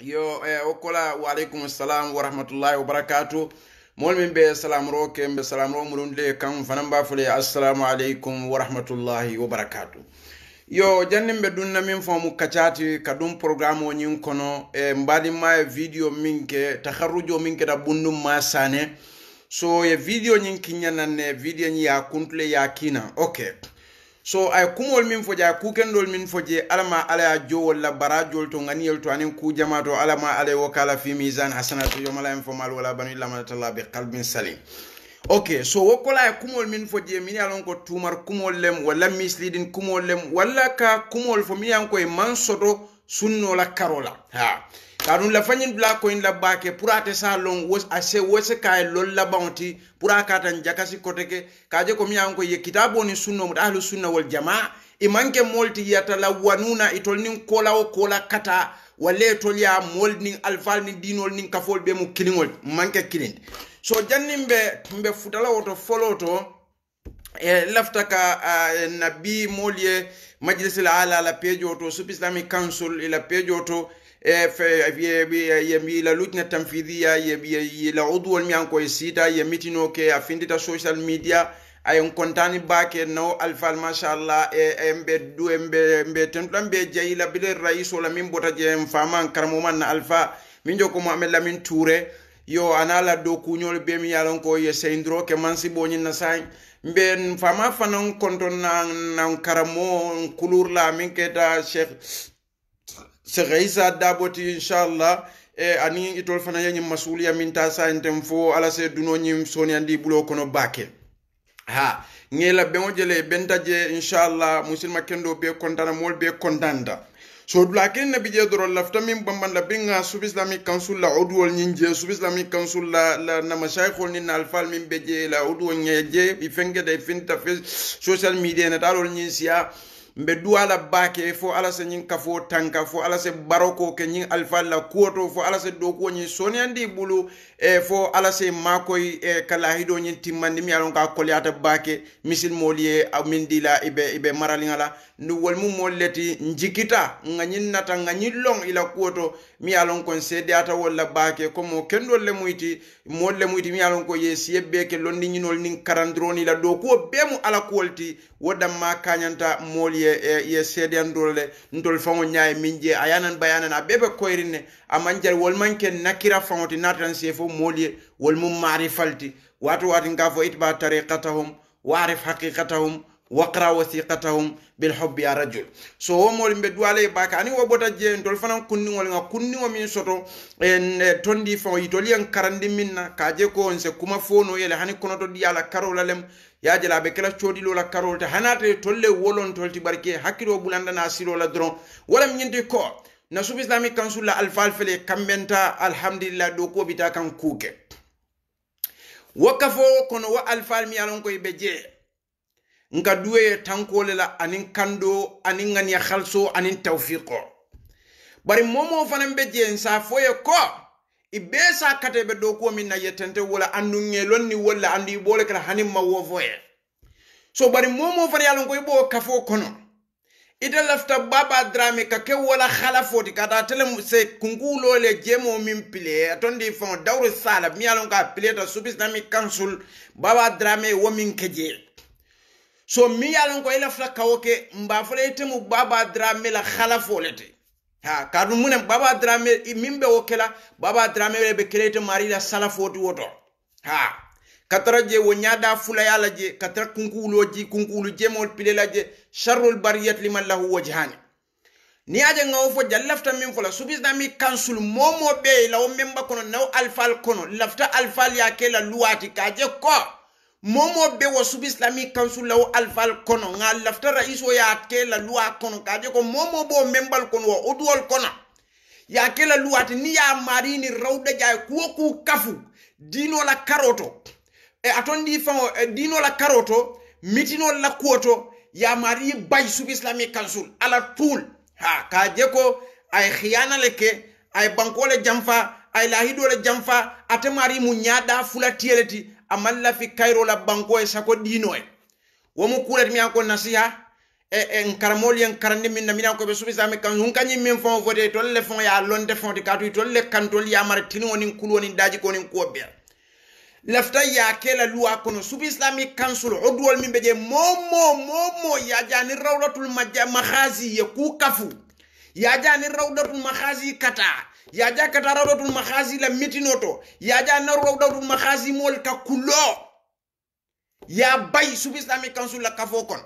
yo eh, okola wa salam wa rahmatullahi wa barakatuh mol min be salamuro ke be salamro murunde kan fanan ba fole assalamu alaykum wa rahmatullahi wa barakatuh yo jannin be dunna min famu kacati ka dum programme o ñin kono e eh, mbaɗinma e vidéo min ke taharrujo min keta da ɓundum ma sane so ye vidéo ñin ne vidéo ñi ya kuntule ya kina ok so ay kumol min foje je a kukendol min foje alama ala ya jowol la barajol to ŋaniyol to aniŋ ku to alama ala wo kala fi mizan hasanatu yomala en fo mal wala banu ilamatatalla be qalbin salim ok so wo ay kumol min foje min ye ko tumar kumol lem walla mislidin kumol lem walla ka kumol fo min ye e man soto sunno la karola ha kanu la fanyin bla ko in la bake pour ate sa long wos ase wose kay e lol la bounty pour akatan jakasi koteke je ko mi an ko ye kitabo ni sunno mu ahlu sunna wal jamaa e manke molti wanuna itol e nin kola o kola kata walla tol ya mol nin alfal nin dinol nin kafol be mu kilingol manke kilin so jannimbe be mbe futala woto folo to e eh, laftaka uh, eh, nabi moolu eh, ye la ala la peejo to sub islamic council ila peejo to ila lujna tanfidia ila udwol mi ankoye siita ye mitino ke a findita social media ayen kontani baake no alfal machallah e embe du embe mbe tentulan be la bile rais ola min bota je en faman karamo man na alfa min joko mo mohamed lamin touré yo ana la do kuñol bem mi yalon ko ye sendro ke si bo na say ben fama fanon konton na na karamo kulur la min da cheikh se reisa daboti inshallah e ani itol fana yanyi masuliya min ta sa entem fo ala se duno nyim soni andi bulo kono bake ha ngela be jele bentaje je inshallah musulma kendo be kontana mol be kontanda sodula kenne bije doro lafta min bambanda binga ah, sub islamic council la oduwol ñin je sub islamic council la la na mashayikhol ni na alfal min be je la oduwol ñe je i fenketa i finta fe social media ne talol ñin siya mbe duwa la fo ala se ñiŋ kafo tanka fo ala se baroko ke ñiŋ alifal la kuwo fo ala se dokuwo ñiŋ soniyandi bulu e fo ala se maakoyi e eh, ka lahido ñiŋ timmandi mi ye a loŋ ka koliyata baake misilimoolu ye ah, miŋ di la i be maraliŋa la ndu wolmu mol leti njikita nga ñinnata nga ñillong ila kuwo to mi ye lon kon seede ata walla baake comme kendol le muyti mol le muyti mi ye lon ko ye siyebbeeke londi ñinol nin karandiron ila do kuwo beemu ala kuwol ti wo damma kañanta mol ye e, ye seedeyandol le ntol faŋo ñaaye min je a yanan bayanan a ɓeɓe koyrin ne aman jar wolman ke nakira faŋo ti natatan see fo mol ye wolmu maarifal ti waato waati nga fo itba tariqatahum waarif haqiqatahum waqra wathiqatahum bilhubbi ya rajul so womol mbe duwala baka ani wo bota jeentol fana kunniŋol ŋa kunniŋo min soto en e, tondi fo yitoli yen karandi min na ka je ko on se kuma fono yele hani kono to la karo la lem yajela be kala codilo lola karol te hanate tolle wolon tolti barke hakkilo bulanda na silo la doron walam ñinti ko na sub islamic council la fele kambenta alhamdulillah do ko bita kan kuke wakafo kono wo alfal mi alon koye ɓe nga duwe tankole la anin kando anin ngani ya khalso anin tawfiqo bari momo fana be jeŋ sa fo ko i bee sa kata i be dookuwo min na ye wala wo la ni wo andu i kala le kela ma wo fo so bari momo fana ye a loŋ b'o kafo kono ida lafta baba drame ka ke wala hala foti ka tele se kungu lole jemo min pile atondi faŋo dawru sala miŋ ye a loŋ ko a pileta subisnami council baba drame wo min ke so mi ye lon ko ila lafita kawo ke mba fola ite mu baba drame la halafo le te ha kadu munem baba drame min be wo kela baba drame le be kela ite mari la salafoti woto ha katara je wo nyada fula ya la je katara kunku kunkuulo ji je mo pile la je sharul bariyat liman lahu wajhani ni aje nga fo ja lafta min subis na mi kansul momo be la wo memba kono naw alfal kono lafta alfal ya kela luati kaje ko momo be wo subi islamic council law alfal kono nga laftara iso ya la luwa kono ka ko momo bo membal kono wo odol kono ya kela luwa ni ya mari ni rawda jay ko ku kafu dino la karoto e atondi fa e, dino la karoto mitino la kuoto ya mari bay subi islamic kansu ala tul ha ka ko ay khiyana leke ay bankole jamfa ay lahido le jamfa atemari munyada tieleti amalla fi kayro la banko e sako dino e wo mu kulat mi ko nasiha e eh, en eh, karamol yen karande min namina ko be subi sa me kan hun kanyi min fon vote to le fon ya lon de fon de katu to le kantol ya mar tini woni kul woni daji ko ni ko be lafta ya kela luwa no subi islamic council odwol min be je beje momo mo ya jani rawlatul mahazi ye ku kafu ya jani rawdatul mahazi kata yaja katara rotul mahazi la mitinoto yaja naru rotul mahazi mol ka kulo ya bay sub islamic council la kafo kon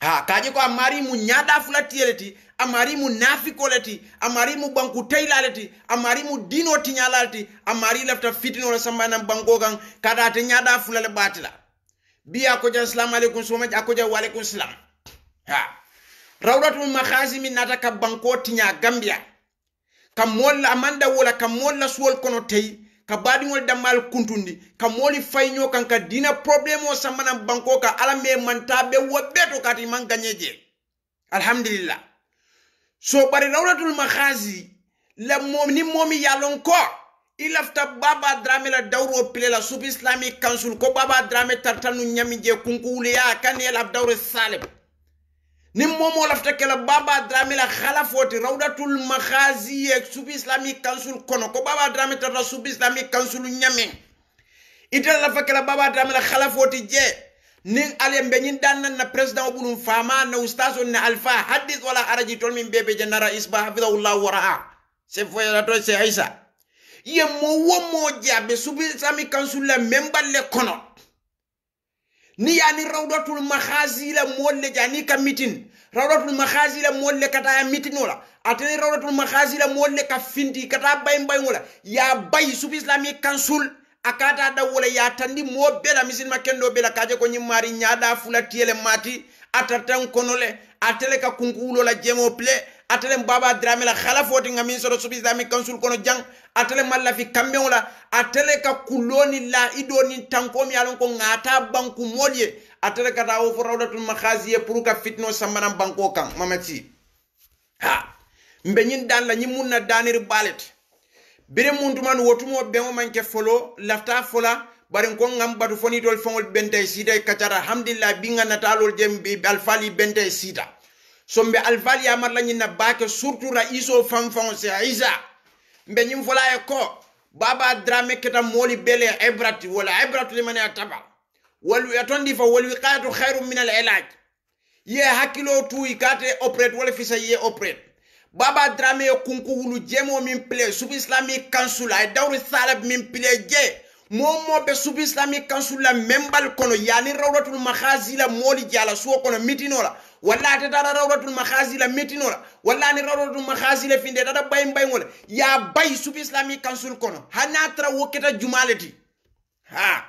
ha kaji ko amari mu nyada fula fulati amari mu nafi koleti amari mu banku teilaleti amari mu dino tiñalaleti amari lafta fitinole sambanan banko kan kada te nyada fula le batila biya koja salamu aleykum soma a wa waaleykum salam ha rawdatul mahasimi min nataka banko tinya gambia ka moolu la a maŋ ka moolu la kono teyi ka baadiŋolu damaalu kuntundi ka moolu fayiñoo kaŋ ka diina porobuleemoo sambanaŋ banko ka alla mee mantaa be wo bee to kaati maŋ alhamdulillah so bari rawlatul mahaasi la moom ni moomi ye ko i lafita drame la dawro pile la subu islamic council ko baba drame tartanu ñami je kunkuwuleyaa kaŋ ne ye dawro salem nin momo lafta kela baba drame la hala foti rawdatul makhazi e subi islamic council kono ko baba drame tata subi islamic council ñamen itela lafa kela baba drame la hala foti je ni alem be ñin dannan na président bulum fama na ustaz on na alfa hadith wala haraji tol min bebe je nara isba wa waraha se la to se aisa ye mo wo mo jabe subi islamic council la memballe kono ni yani rawdatul mahazi la molle jani ka mitin rawdatul mahazi la molle kata ya mitin wala atani rawdatul mahazi la molle ka finti kata bay bay wala ya bay sub islami kansul akata da wala ya tandi mo bela misil makendo bela kaje ko nyimari nyada fula tiele mati atata konole atele ka kunkuulo la jemo ple atele mbaba drame la khalafoti nga soro subi islamic kansul kono jang atele malla fi kambeŋo atele ka kuloni la idoni nin tankomi alon ko ŋata banku moolu ye atele ka taa wo fo rawdatul mahasi pour ka fitno sambanan banko kan mamati ha mbe nyin dan la ñi na daniri baalet bire man wotumo bemo manke folo lafta fola bari ko ngam batu foni tol fongol bente sita e kacata alhamdulillah binga na natalol jem alfali bente sita sombe alfali amar la nyina bake surtout ra iso fam fam se aiza mbe nyim fola e ko baba drame keta moli bele ebrat wala ebrat ibrat liman yataba walu yatondi fa walu qatu khairu min al ilaj ye hakilo tuyi kate operate wala fisa ye operate baba drame kunku wulu jemo min ple sub islamic council ay dawri salab min ple je momo be subu islamic council membal kono yani rawdatul makhazi la moli jala suwo kono mitino la walla ate tara rawdatul makhazi la mitino walla ni rawdatul makhazi la finde tata bayin bayingole ya bay subu islamic council kono hana tara woketa jumaleti ha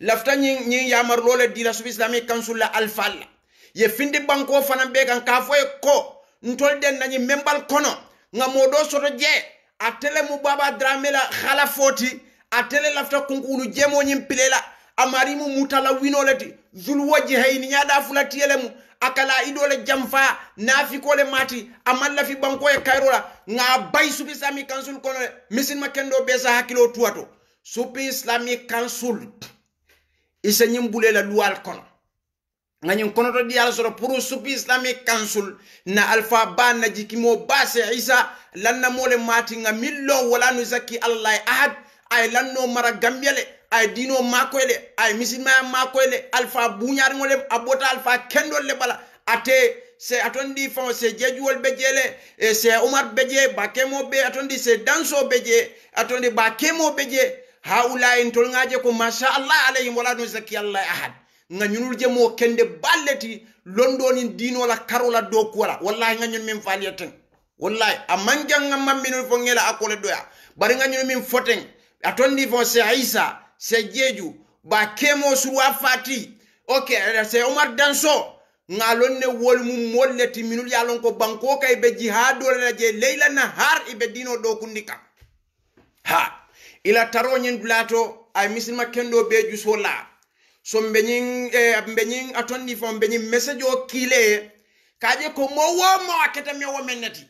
lafta ñin ñin yamar dila subu islamic council la alfal la ye finde banko fanan be kan ka foye ko ntol den nañi membal kono nga modo soto je a tele mu baba dramela khala foti atele lafta kunkunu jemoñin pilela amarimu mutala winole ti zulwajihayni ñaɗa fulatiyele mu akala idole jamfa nafikole mati amalla fi banko e kayrola nga bay supi islamic council kono misinma kendo be sa hakkilo tuwato supi islamic council isa ñimbulela luwal kono ngañin kono to diyal soro pour supi islamic council na alpha ba na jikimo ba se isa lanna mole mati nga millo wala nu zakki allah ahad ay lanno mara gambiyale ay dino makoyle ay misilmaya makoyle alpha buñarngole a ɓota alpha kendol le ɓala ate se aton ɗi fa se jejuwol ɓe jeele e se omar ɓe jee ba kemoɓe aton ɗi se danso ɓe jee aton ɗi ba kemoɓe jee ha ulayin tolgaje ko machallah alayhim wala ɗum sakki allah ahad ga ñunurje mo kende balleti londonin dinola karola dow kuwala wallahi gañon min faaliya ten wallahi a mangiangam mammino fo ngeele akole doya bari gañono min foten atonni von se isa se jeju ba kemo suruwa fati ok se omar danso ngalon ne wol mum molleti minul yalon ko banko kay be jihadol la je leila na har ibe dino do kundika ha ila taro nyen dulato ay misilma kendo be ju so la so mbenyin eh, mbenyin atonni fo mbenyin message o kile kaje ko mo wo mo akete mi wo menati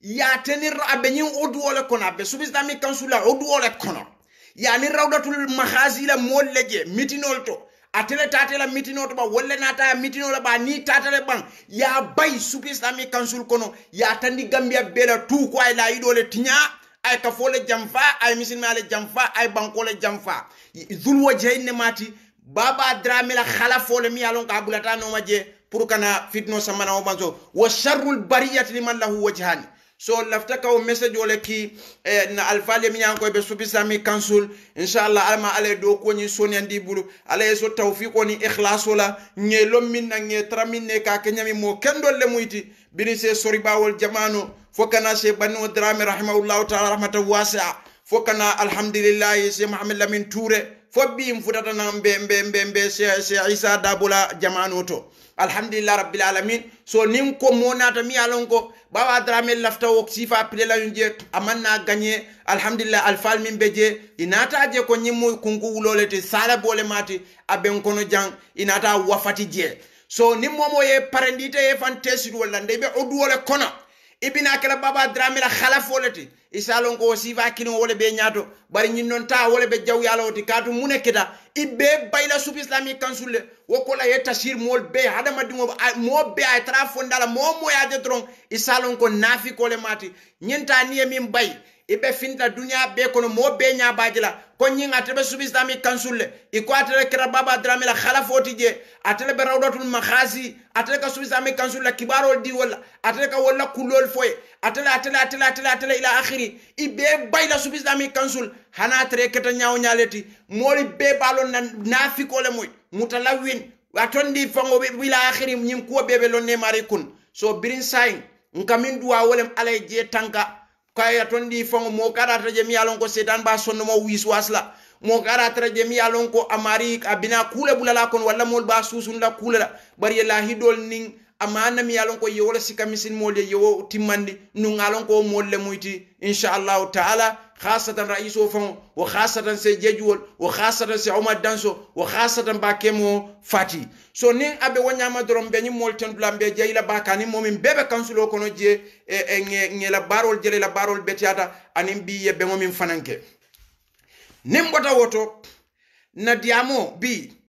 ya tenir abenyin odu ole kono abe subis dami kansula odu ole kono yani rawdatul mahasila mool le je mitinol to atele tatela mitino to ba wolle nata mitino la ba ni tatale ban ya bay suki islamic council kono ya tandi gambia bela tu ko ay la idole tinya ay kafole jamfa ay misilmale jamfa ay bankole jamfa zul wajhain mati baba drame la khalafole mi alon ka bulata no maje pour kana fitno samana o banzo wa sharrul bariyati liman lahu wajhani so lafta kaw message ole ki eh, na alfali mi yanko be subi sami council inshallah alma ale do ko ni sonya ndi bulu ale so tawfiq ni ikhlas wala nge min na nge tramin ne ka kenyami mo kendol le muyti bini se sori bawol jamano fokana se banu drame rahimahullahu ta'ala rahmatan wasi'a fokana alhamdulillah se muhammad lamin toure fo bim futatana mbe mbe mbe mbe cheikh isa dabula jamanu to alhamdulillah rabbil alamin so nin ko monata mi alon ko bawa drame lafta wo sifa pile la yunje amanna gagné alhamdulillah alfal min beje inata je ko nyimu kungu wulolete sala bole mati aben kono jang inata wafati je so nin momo ye parendite ye fan tesidu walla nde be oduwole kono ibina kala baba drame la isalon e ko o siifa kino wole ɓe ñaato bari ñin noon taa wole ɓe jaw yalawti kaatu mune keta ibbe bayla suf islamique kansulle wokkola ye tasir mool be hadamadimo mo be a tara fondala mo moyade tron isalon e ko naafikole maati ñin ta ni e min bay ibe finta dunya be kono mo be nya bajila ko nyinga tebe subi islamic council i ko atere kira baba drame la halafoti je atere be rawdatul makhasi atere ka subi islamic council la kibarol di wala atere ka wala kulol foye atere atere atere atere atere ila akhiri ibe bayla subi islamic hana atere keta nyaaw nyaleti mori be balon na nafiko le moy mutalawin watondi fango be ila akhiri nyim ko bebe lonne mari kun so birin sain nkamin duwa wolem alay je tanka ko aya ton ɗi fango mo kara traje mi yalon ko sedan ba sonno mo wiswas la mo kara traje mi yalon ko amari a bina kuule bulala kon walla mol ba susunla kuulela bari yalla hidol nin amana mi yalon ko yewola sika misin mole yewo timmandi nu ngalon ko molle muyti inshallah taala khassatan raiso fon wa khassatan se jejuwol wa khassatan se omar danso wa khassatan bakemo fati so ni abe wanyama dorom be ni molten tan dulam be jeyla bakani kani momin bebe kansulo kono je e, e nge, nge la barol jele la barol betiata anim bi yebbe momin fananke bota woto na diamo bi